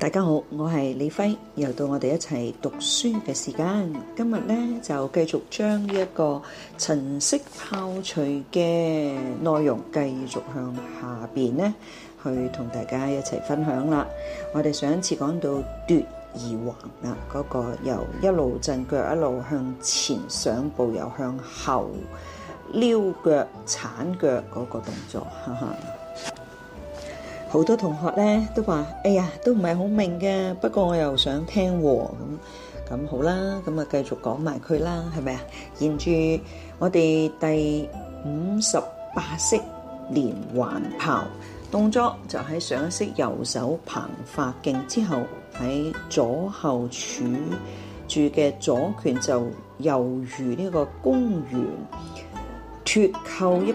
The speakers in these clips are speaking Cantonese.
大家好，我係李輝，又到我哋一齊讀書嘅時間。今日咧就繼續將呢一個陳式炮捶嘅內容繼續向下邊咧，去同大家一齊分享啦。我哋上一次講到奪二肱啦，嗰、嗰個由一路震腳，一路向前上步，又向後撩腳、鏟腳嗰個動作。哈哈好多同學咧都話，哎呀，都唔係好明嘅。不過我又想聽喎，咁咁好啦，咁啊繼續講埋佢啦，係咪啊？沿住我哋第五十八式連環炮動作，就喺上一式右手掤發勁之後，喺左後柱住嘅左拳就猶如呢個弓弦脫扣一。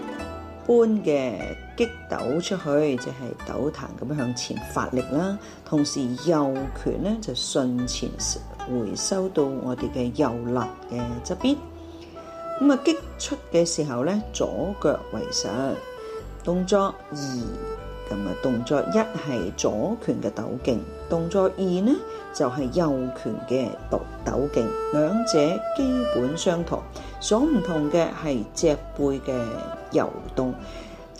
般嘅擊抖出去，即係抖彈咁向前發力啦。同時右拳咧就順前回收到我哋嘅右肋嘅側邊。咁啊，擊出嘅時候咧，左腳為上動作二，咁啊動作一係左拳嘅抖勁，動作二咧就係右拳嘅抖抖勁，兩者基本相同，所唔同嘅係脊背嘅。游動，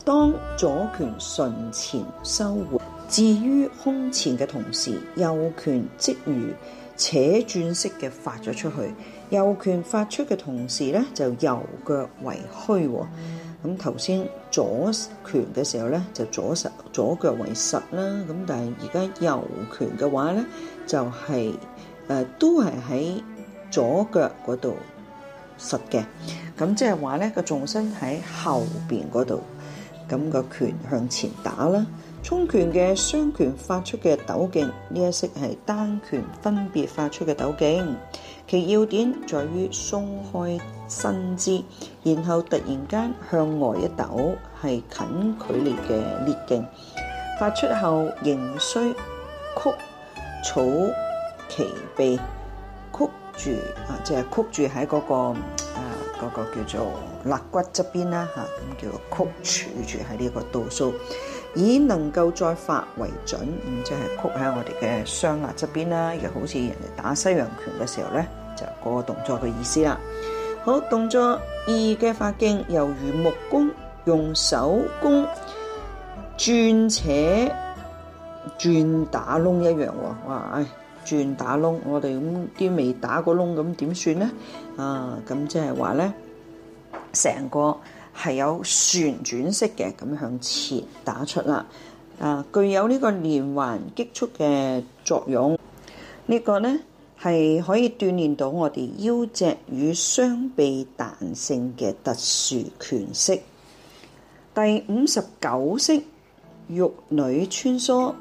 當左拳唇前收回至於胸前嘅同時，右拳即如扯轉式嘅發咗出去。右拳發出嘅同時咧，就右腳為虛。咁頭先左拳嘅時候咧，就左實左腳為實啦。咁但係而家右拳嘅話咧，就係、是、誒、呃、都係喺左腳嗰度實嘅。咁即係話咧，個重心喺後邊嗰度，咁個拳向前打啦。衝拳嘅雙拳發出嘅抖勁，呢一式係單拳分別發出嘅抖勁，其要點在於鬆開身肢，然後突然間向外一抖，係近距離嘅裂勁。發出後仍需曲草其臂，曲住啊，即係曲住喺嗰個。嗰個叫做肋骨側邊啦，吓，咁叫做曲處住喺呢個度數，以能夠再發為準，即係曲喺我哋嘅雙肋側邊啦。又好似人哋打西洋拳嘅時候咧，就是，個動作嘅意思啦。好，動作二嘅發勁，猶如木工用手工鑽且鑽打窿一樣，哇！轉打窿，我哋咁啲未打過窿咁點算呢？啊，咁即係話呢，成個係有旋轉式嘅，咁向前打出啦。啊，具有呢個連環激速嘅作用。呢個呢係可以鍛鍊到我哋腰脊與雙臂彈性嘅特殊拳式。第五十九式玉女穿梭。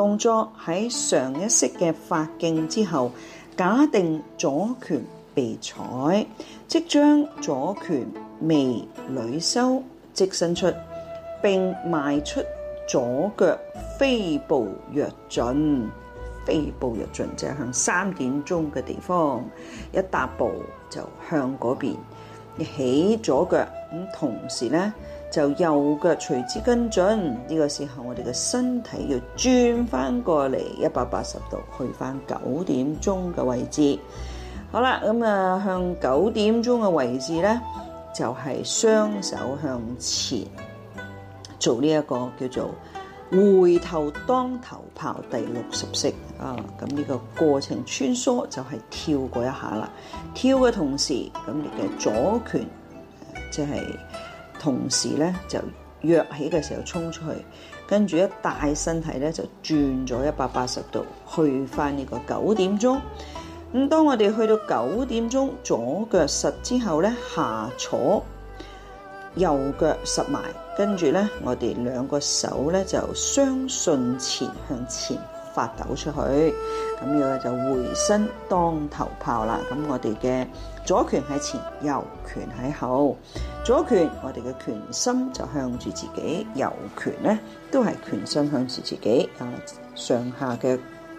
動作喺上一式嘅發勁之後，假定左拳被採，即將左拳未履收，即伸出並邁出左腳飛步躍進，飛步躍進就向三點鐘嘅地方，一踏步就向嗰邊，起左腳，咁同時咧。就右腳隨之跟進，呢個時候我哋嘅身體要轉翻過嚟一百八十度，去翻九點鐘嘅位置好。好啦，咁啊向九點鐘嘅位置咧，就係雙手向前做呢一個叫做回頭當頭炮第六十式啊。咁呢個過程穿梭就係跳過一下啦，跳嘅同時咁你嘅左拳即係。同時咧，就躍起嘅時候衝出去，跟住一大身體咧就轉咗一百八十度，去翻呢個九點鐘。咁當我哋去到九點鐘，左腳實之後咧，下坐，右腳實埋，跟住咧，我哋兩個手咧就相順前向前。發抖出去，咁樣就回身當頭炮啦。咁我哋嘅左拳喺前，右拳喺後。左拳我哋嘅拳心就向住自己，右拳咧都係拳心向住自己啊。上下嘅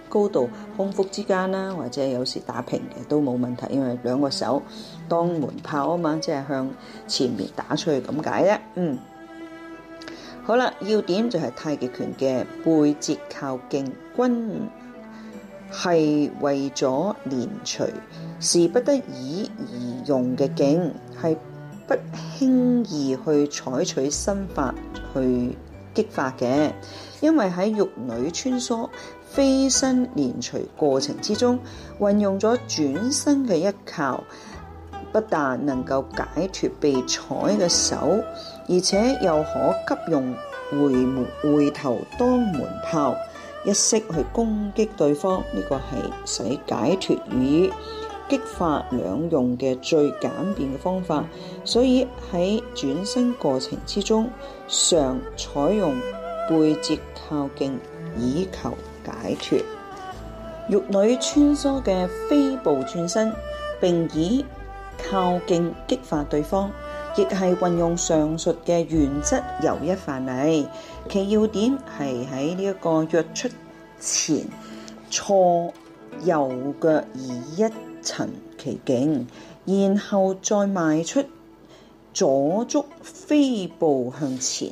高度，胸腹之間啦，或者有時打平嘅都冇問題，因為兩個手當門炮啊嘛，即係向前面打出去咁解啫。嗯。好啦，要點就係太極拳嘅背折靠勁，均係為咗連隨，是時不得已而用嘅勁，係不輕易去採取新法去激發嘅。因為喺玉女穿梭、飛身連隨過程之中，運用咗轉身嘅一靠，不但能夠解脫被採嘅手。而且又可急用回回頭當門炮，一式去攻擊對方。呢、這個係使解脱與激發兩用嘅最簡便嘅方法。所以喺轉身過程之中，常採用背接靠勁，以求解脱。玉女穿梭嘅飛步轉身，並以靠勁激發對方。亦係運用上述嘅原則，由一範例，其要點係喺呢一個躍出前，錯右腳而一層其境，然後再邁出左足飛步向前。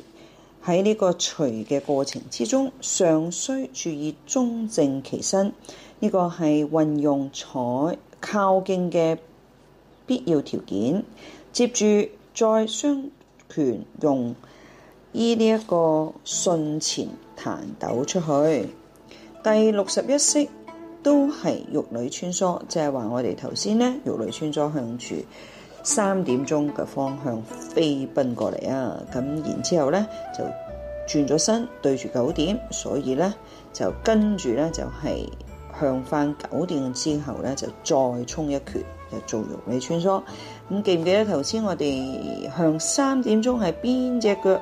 喺呢個除嘅過程之中，尚需注意中正其身。呢個係運用採靠勁嘅必要條件。接住。再雙拳用依呢一個順前彈抖出去，第六十一式都係玉女穿梭，即係話我哋頭先咧玉女穿梭向住三點鐘嘅方向飛奔過嚟啊！咁然之後咧就轉咗身對住九點，所以呢就跟住呢，就係、是、向翻九點之後呢，就再沖一拳，就做玉女穿梭。咁記唔記得頭先我哋向三點鐘係邊隻腳？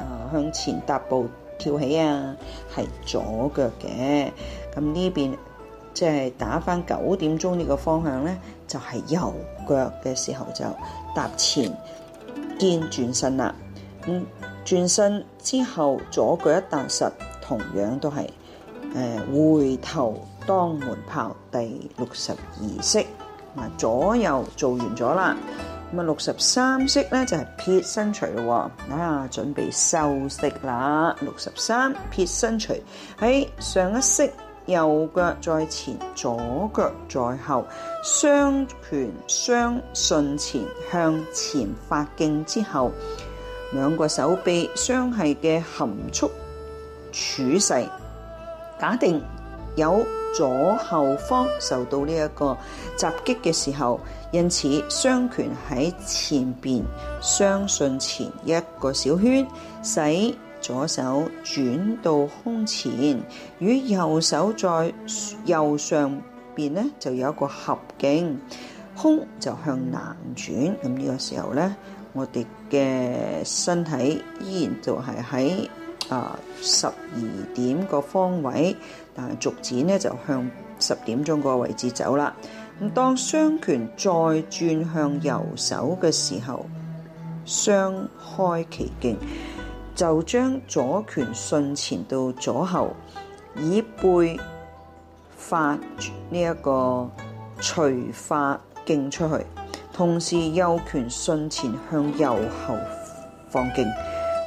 啊，向前踏步跳起啊，係左腳嘅。咁呢邊即係打返九點鐘呢個方向咧，就係、是、右腳嘅時候就踏前肩轉身啦。咁、嗯、轉身之後左腳一踏實，同樣都係誒、呃、回頭當門炮第六十二式。左右做完咗啦，咁啊六十三式咧就係撇身捶咯，啊準備收式啦，六十三撇身捶喺上一式，右腳在前，左腳在後，雙拳雙順前向前發勁之後，兩個手臂相繫嘅含蓄姿勢，假定。有左後方受到呢一個襲擊嘅時候，因此雙拳喺前面，雙順前一個小圈，使左手轉到胸前，與右手在右上面呢，就有一個合勁，胸就向南轉。咁呢個時候呢，我哋嘅身體依然就係喺。啊，十二點個方位，但係逐漸咧就向十點鐘個位置走啦。咁當雙拳再轉向右手嘅時候，雙開其勁，就將左拳順前到左後，以背發呢一個捶發勁出去，同時右拳順前向右後放勁，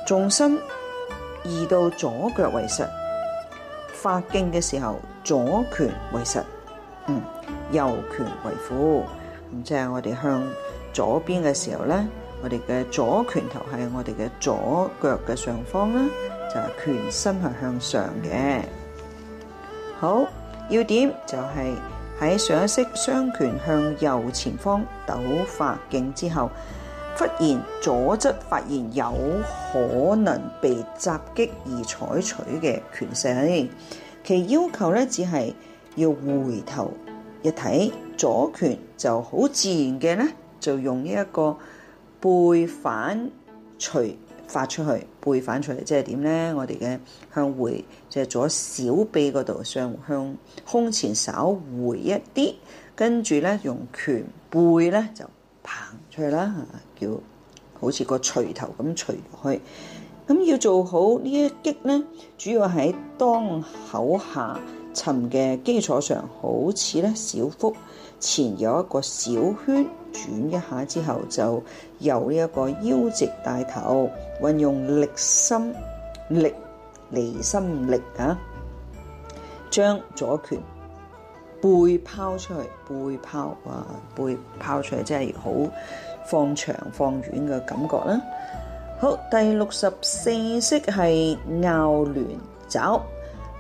重心。移到左腳為實，發勁嘅時候左拳為實，右拳為輔。咁即係我哋向左邊嘅時候呢，我哋嘅左拳頭係我哋嘅左腳嘅上方啦，就係、是、拳身係向上嘅。好，要點就係喺上一式雙拳向右前方抖發勁之後。忽然左側發現有可能被襲擊而採取嘅拳勢，其要求咧，只係要回頭一睇左拳，就好自然嘅咧，就用呢一個背反捶發出去。背反捶即係點咧？我哋嘅向回即係左小臂嗰度上向胸前稍回一啲，跟住咧用拳背咧就棒。係啦，叫好似個錘頭咁錘落去。咁要做好呢一擊呢，主要喺當口下沉嘅基礎上，好似呢小腹前有一個小圈轉一下之後，就由呢一個腰直帶頭運用力心力離心力啊，將左拳。背拋出去，背拋啊，背拋出嚟真係好放長放遠嘅感覺啦。好，第六十四式係拗連肘，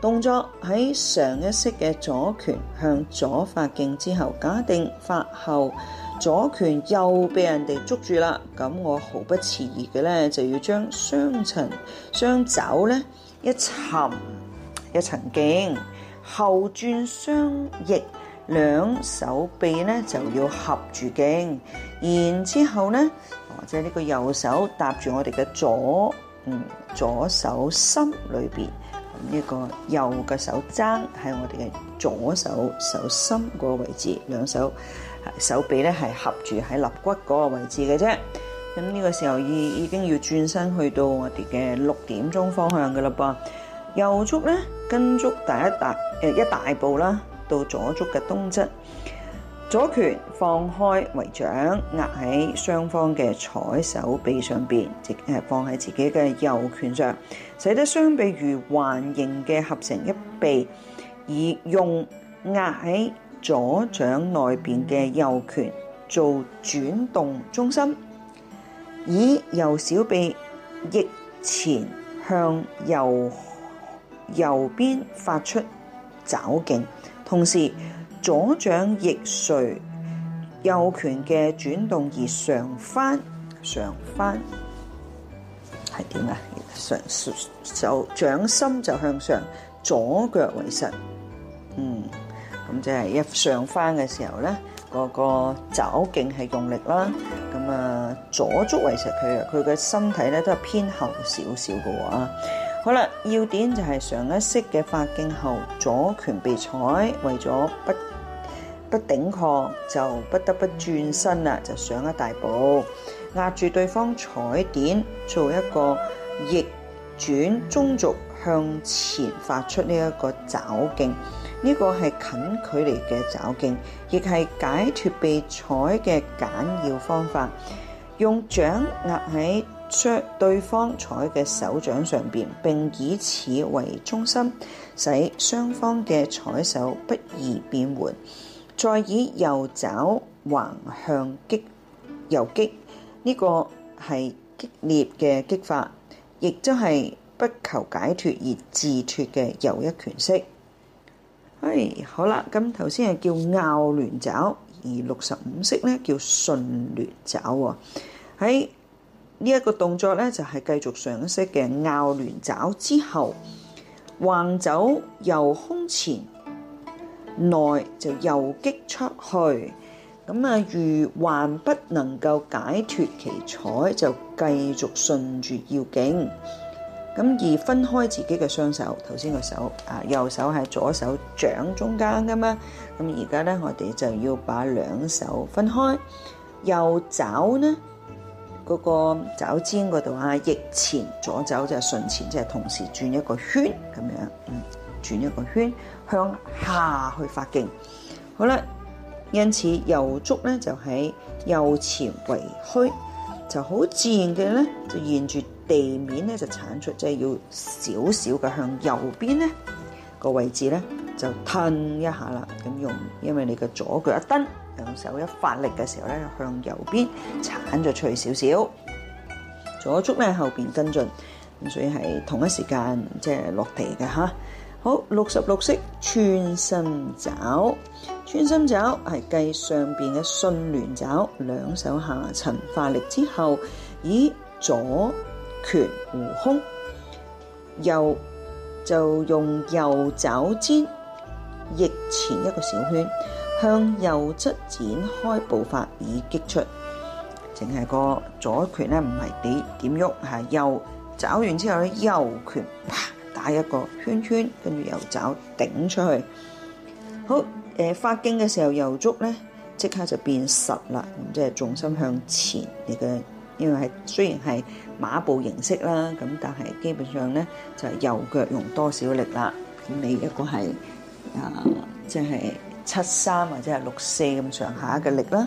動作喺上一式嘅左拳向左發勁之後，假定發後左拳又被人哋捉住啦，咁我毫不遲疑嘅呢，就要將雙層雙肘呢，一沉一沉勁。後轉雙翼，兩手臂咧就要合住勁，然之後咧，或者呢個右手搭住我哋嘅左，嗯，左手心裏邊，呢、呢個右嘅手踭喺我哋嘅左手手心個位置，兩手手臂咧係合住喺肋骨嗰個位置嘅啫。咁、呢、呢個時候已已經要轉身去到我哋嘅六點鐘方向嘅啦噃，右足咧跟足第一搭誒一大步啦，到左足嘅東側，左拳放開為掌，壓喺雙方嘅左手臂上邊，直係放喺自己嘅右拳上，使得雙臂如環形嘅合成一臂，以用壓喺左掌內邊嘅右拳做轉動中心，以右小臂逆前向右右邊發出。爪勁，同時左掌亦隨右拳嘅轉動而上翻，上翻係點啊？上掌心就向上，左腳為、嗯、為實。嗯，咁即係一上翻嘅時候咧，嗰個爪勁係用力啦。咁啊，左足為實，佢啊，佢嘅身體咧都係偏後少少嘅喎啊。好啦，要點就係上一式嘅發勁後，左拳被採，為咗不不頂抗，就不得不轉身啦，就上一大步，壓住對方採點，做一個逆轉中軸向前發出呢一個肘勁，呢、呢個係近距離嘅肘勁，亦係解脫被採嘅簡要方法，用掌壓喺。削對方採嘅手掌上邊，並以此為中心，使雙方嘅採手不易變換，再以右肘橫向擊右擊，呢、這個係激烈嘅擊法，亦都係不求解脱而自脱嘅又一拳式，係好啦，咁頭先係叫拗鸞肘，而六十五式呢，叫順鸞肘喎，喺。呢一個動作咧，就係繼續上式嘅拗鸞肘之後，橫肘由，由胸前內就右擊出去。咁啊，如還不能夠解脱其彩，就繼續順住腰勁。咁而分開自己嘅雙手，頭先個手啊，右手喺左手掌中間噶嘛。咁而家咧，我哋就要把兩手分開，右肘呢，嗰個肘尖嗰度啊，逆前左肘就順前，即係同時轉一個圈咁樣，嗯，轉一個圈向下去發勁。好啦，因此右足咧就喺右前為虛，就好自然嘅咧就沿住地面咧就鏟出，即係要少少嘅向右邊咧個位置咧就蹬一下啦，咁用，因為你嘅左腳一蹬。兩手一發力嘅時候咧，向右邊鏟咗出去少少，左足咧後邊跟進，咁所以喺同一時間即係落地嘅嚇。好，六十六式穿心爪，穿心爪係繼上邊嘅順連爪，兩手下沉發力之後，以左拳護胸，右就用右爪尖逆前一個小圈。向右側展開步法以擊出，淨係個左拳咧，唔係點點喐，係右爪完之後咧，右拳啪打一個圈圈，跟住右爪頂出去。好誒，發勁嘅時候右足咧，即刻就變實啦。咁即係重心向前，你嘅因為係雖然係馬步形式啦，咁但係基本上咧就係右腳用多少力啦。你一個係啊，即係。七三或者係六四咁上下嘅力啦，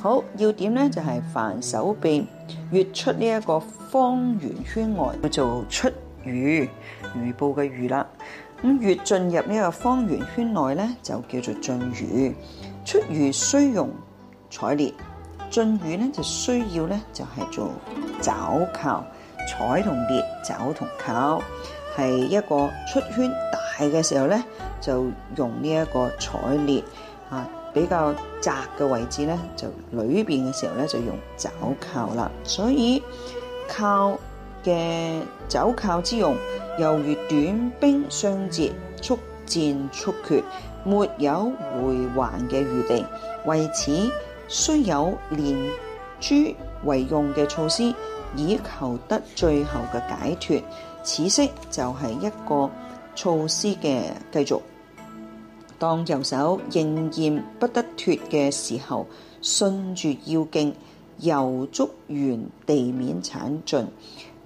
好要點咧就係凡手臂越出呢一個方圓圈外，叫做出隅，隅部嘅隅啦。咁越進入呢個方圓圈內咧，就叫做進隅。出隅需要用採挒，進隅咧就需要咧就係做肘靠採同挒，肘同靠。係一個出圈大嘅時候呢，就用呢一個採挒啊，比較窄嘅位置呢，就裏邊嘅時候呢，就用肘靠啦。所以靠嘅肘靠之用，猶如短兵相接，速戰速決，沒有回還嘅餘地。為此，需有連珠為用嘅措施，以求得最後嘅解脱。此式就係一個措施嘅繼續。當右手仍然不得脫嘅時候，順住腰勁，右足沿地面鏟進，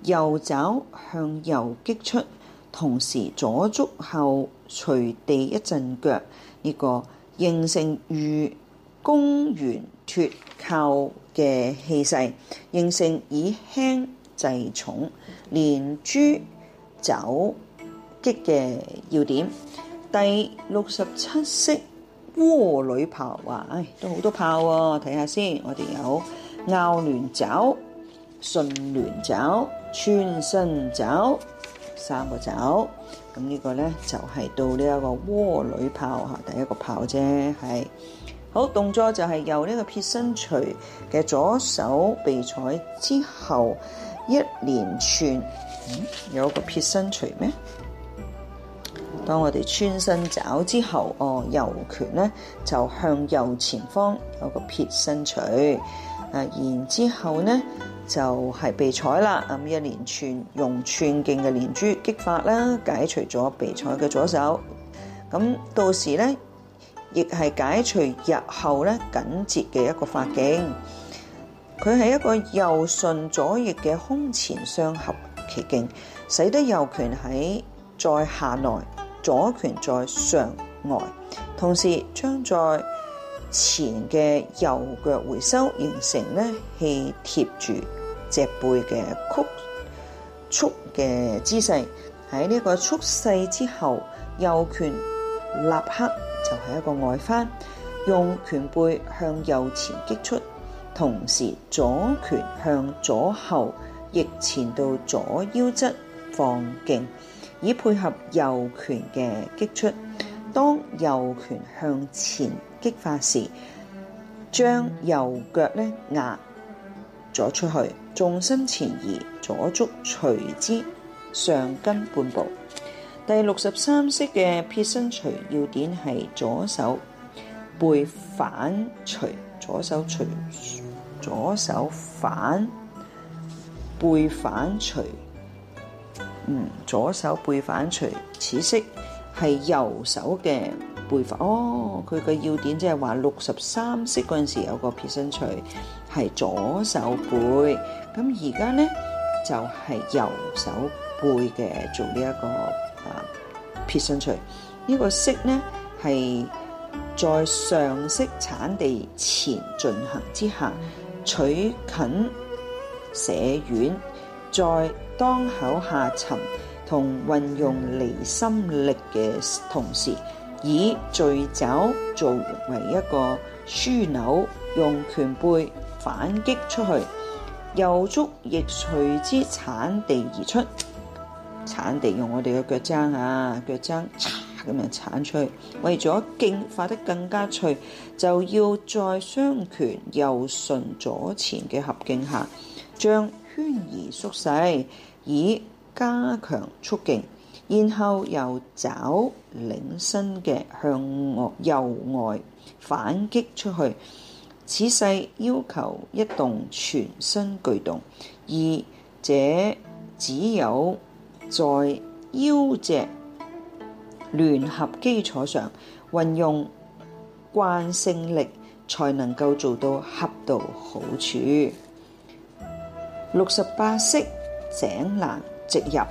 右爪向右擊出，同時左足後隨地一陣腳，呢、這個形成如弓圓脫扣嘅氣勢，形成以輕。制重連珠肘擊嘅要點第，第六十七式窩裏炮啊！唉，都好多炮啊！睇下先，我哋有拗連肘、順連肘、穿身肘三個肘。咁、就、呢、是、個咧就係到呢一個窩裏炮吓，第一個炮啫，係好動作就係由呢個撇身錘嘅左手被採之後。一連串、嗯，有個撇身捶咩，當我哋穿身爪之後，哦，右拳咧就向右前方有個撇身捶，啊，然之後咧就係被採啦。咁一連串用串勁嘅連珠擊法啦，解除咗被採嘅左手。咁到時咧，亦係解除日後咧緊接嘅一個發勁。佢係一個右順左逆嘅胸前雙合奇勁，使得右拳喺在在下內，左拳在上外，同時將在前嘅右腳回收，形成呢氣貼住脊背嘅曲速嘅姿勢。喺呢個蓄勢之後，右拳立刻就係一個外翻，用拳背向右前擊出。同時左拳向左後逆前到左腰側放勁，以配合右拳嘅擊出。當右拳向前擊發時，將右腳咧壓咗出去，重心前移，左足隨之上跟半步。第六十三式嘅撇身捶要點係左手背反捶，左手捶。左手反背反錘嗯，左手背反錘此式係右手嘅背法。哦，佢嘅要點即係話六十三式嗰陣時有個撇身錘係左手背，咁而家咧就係、是、右手背嘅做呢、這、一個啊撇身錘這個、呢個式咧係在上式產地前進行之下，取近捨遠，在當口下沉同運用離心力嘅同時，以墜肘作為一個樞紐，用拳背反擊出去，右足亦隨之鏟地而出，鏟地用我哋嘅腳踭啊，腳踭。咁樣鏟出去，為咗勁發得更加脆，就要在雙拳右順左前嘅合勁下，將圈移縮細，以加強速勁，然後又抓領身嘅向右外反擊出去。此勢要求一動全身俱動，而這只有在腰脊，聯合基礎上運用慣性力，才能夠做到恰到好處。六十八式井欄直入，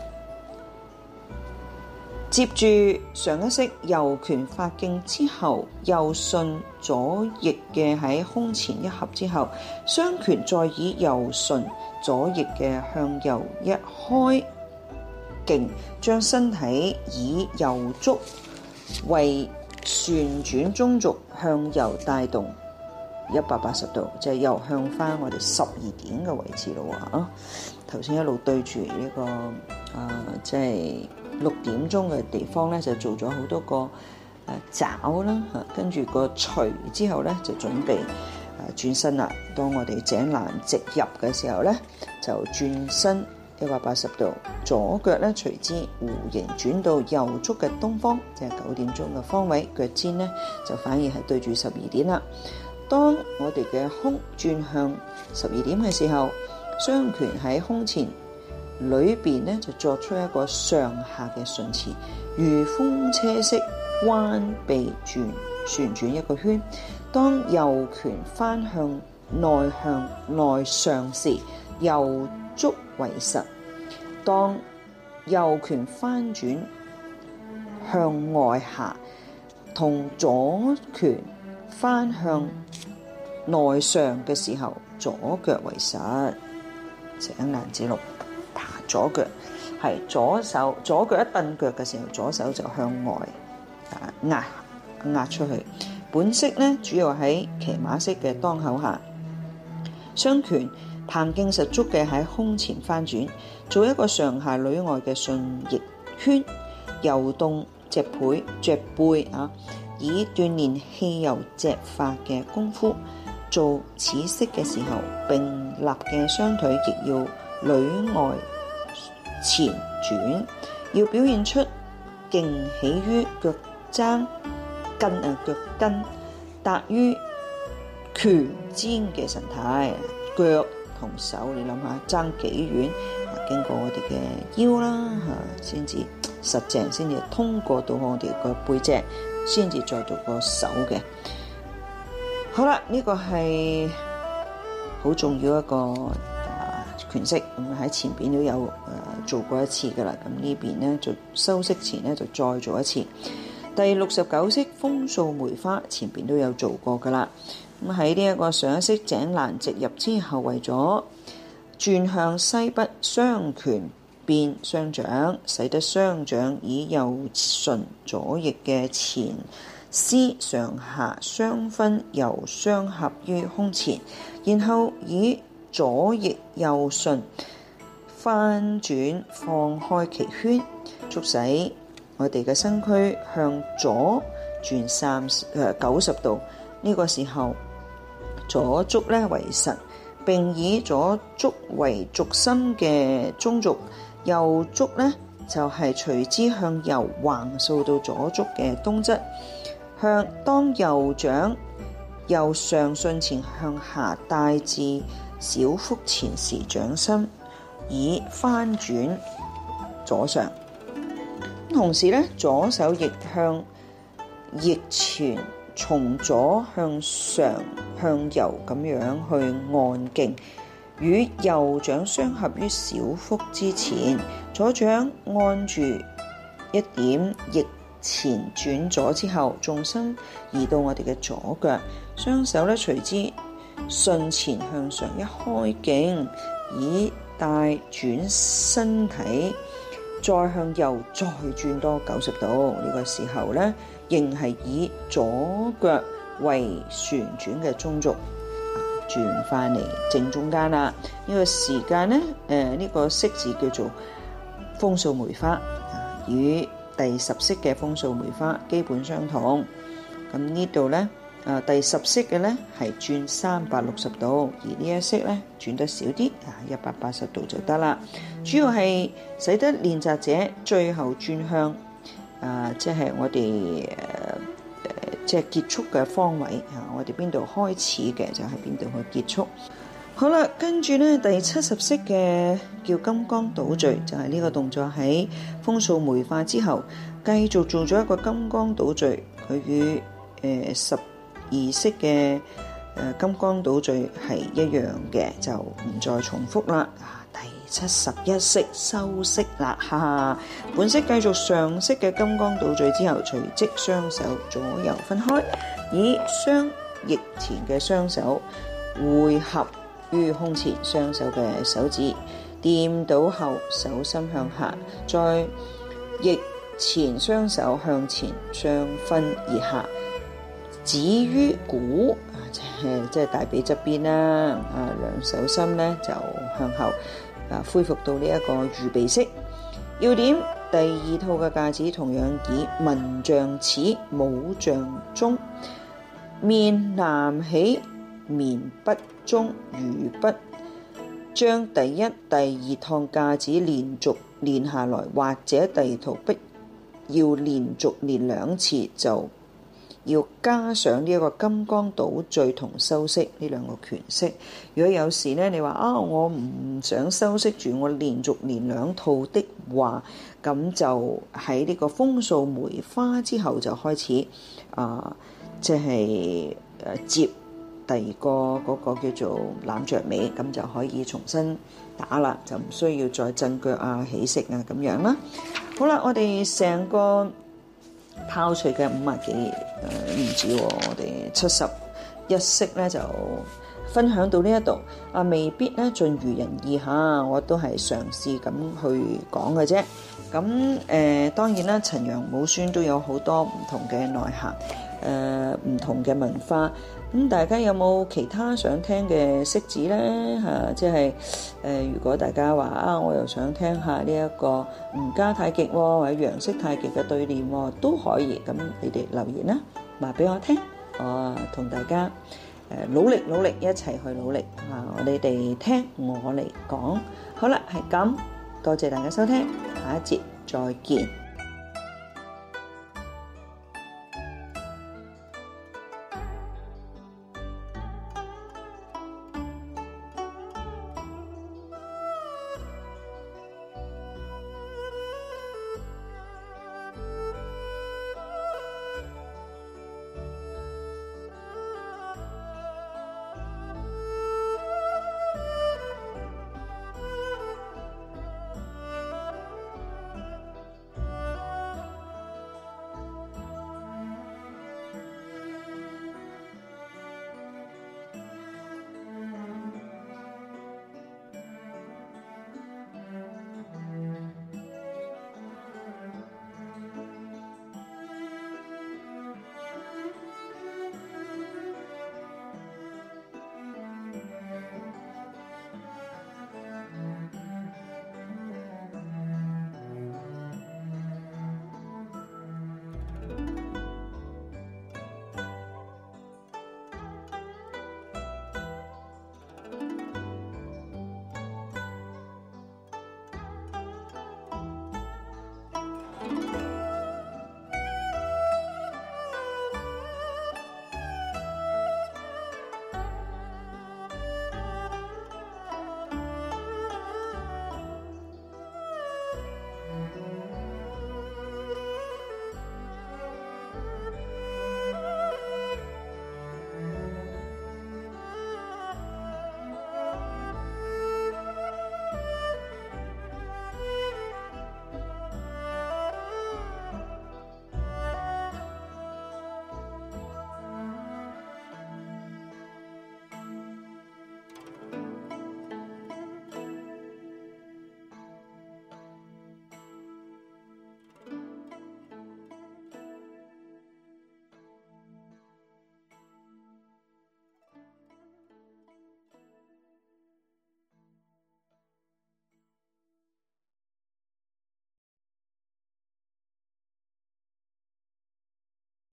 接住上一式右拳發勁之後，右順左逆嘅喺胸前一合之後，雙拳再以右順左逆嘅向右一開。勁將身體以右足為旋轉中軸，向右帶動一百八十度，就又向翻我哋十二點嘅位置咯。啊，頭先一路對住呢、這個啊、呃，即係六點鐘嘅地方咧，就做咗好多個誒爪啦，吓，跟住個錘之後咧，就準備誒轉身啦。當我哋井欄直入嘅時候咧，就轉身。一百八十度，左腳咧隨之弧形轉到右足嘅東方，即係九點鐘嘅方位。腳尖咧就反而係對住十二點啦。當我哋嘅胸轉向十二點嘅時候，雙拳喺胸前裏邊咧就作出一個上下嘅順時，如風車式彎臂轉旋轉一個圈。當右拳翻向內向內上時，右足為實。當右拳翻轉向外下，同左拳翻向內上嘅時候，左腳為實，石英蘭子路爬左腳，係左手左腳一蹬腳嘅時候，左手就向外壓壓出去。本式咧主要喺騎馬式嘅當口下，雙拳。彈勁十足嘅喺胸前翻轉，做一個上下裏外嘅順逆圈，游動脊背、脊背啊，以鍛煉氣由脊發嘅功夫。做此式嘅時候，並立嘅雙腿亦要裏外前轉，要表現出勁起於腳踭根啊，腳跟達於拳尖嘅神態，腳。同手你諗下，爭幾遠？經過我哋嘅腰啦，吓、啊，先至實淨，先至通過到我哋個背脊，先至再做個手嘅。好啦，呢、這個係好重要一個、啊、拳式，咁喺前邊都有誒、啊、做過一次噶啦。咁呢邊咧就收式前咧就再做一次。第六十九式風掃梅花，前邊都有做過噶啦。咁喺呢一個上式井欄直入之後，為咗轉向西北雙拳變雙掌，使得雙掌以右順左逆嘅纏絲上下雙分，由雙合於胸前，然後以左逆右順翻轉放開其圈，促使我哋嘅身軀向左轉三、呃、九十度。呢個時候。左足咧為實，並以左足為軸心嘅中軸，右足咧就係隨之向右橫掃到左足嘅東側，向當右掌由上順前向下帶至小腹前時，掌心以翻轉左上，同時咧左手亦向逆前。從左向上向右咁樣去按勁，與右掌相合於小腹之前，左掌按住一點，逆前轉咗之後，重心移到我哋嘅左腳，雙手咧隨之順前向上一開勁，以帶轉身體，再向右再轉多九十度，呢、呢個時候呢。仍係以左腳為旋轉嘅中軸轉翻嚟正中間啦。呢個時間咧，誒呢個式子叫做風掃梅花，與第十式嘅風掃梅花基本相同。咁呢度咧，啊第十式嘅咧係轉三百六十度，而呢一式咧轉得少啲，啊一百八十度就得啦。主要係使得練習者最後轉向。啊，即係我哋誒，即係結束嘅方位吓，我哋邊度開始嘅就喺邊度去結束。好啦，跟住咧第七十式嘅叫金剛倒墜，就係呢個動作喺風掃梅花之後，繼續做咗一個金剛倒墜。佢與誒十二式嘅誒金剛倒墜係一樣嘅，就唔再重複啦。七十一式收式啦，哈哈！本式繼續上式嘅金剛搗碓之後，隨即雙手左右分開，以雙翼前嘅雙手匯合於胸前，雙手嘅手指掂到後，手心向下，再翼前雙手向前雙分而下，止於鼓，即係即係大髀側邊啦。啊，兩手心咧就向後。啊！恢復到呢一個預備式，要點第二套嘅架子同樣以文像似、始，武像終面南起，面北終如不將第一、第二趟架子連續練下來，或者第二套不要連續練兩次就。要加上呢一個金剛搗碓同收式呢兩個拳式。如果有時咧，你話啊、哦，我唔想收式住，我連續連兩套的話，咁就喺呢個風掃梅花之後就開始啊，即係誒接第二個嗰個叫做攬着尾，咁就可以重新打啦，就唔需要再震腳啊、起式啊咁樣啦。好啦，我哋成個。炮捶嘅五十幾，唔止喎，我哋七十一式咧就分享到呢一度，啊未必咧盡如人意嚇，我都係嘗試咁去講嘅啫。咁、呃、誒當然啦，陳楊武孫都有好多唔同嘅內涵。誒唔同嘅文化，咁大家有冇其他想聽嘅識字呢？嚇，即係誒，如果大家話啊，我又想聽下呢一個吳家太極喎，或者楊式太極嘅對練喎，都可以。咁你哋留言啦，話俾我聽，我同大家誒努力努力一齊去努力嚇，你哋聽我嚟講。好啦，係咁，多謝大家收聽，下一節再見。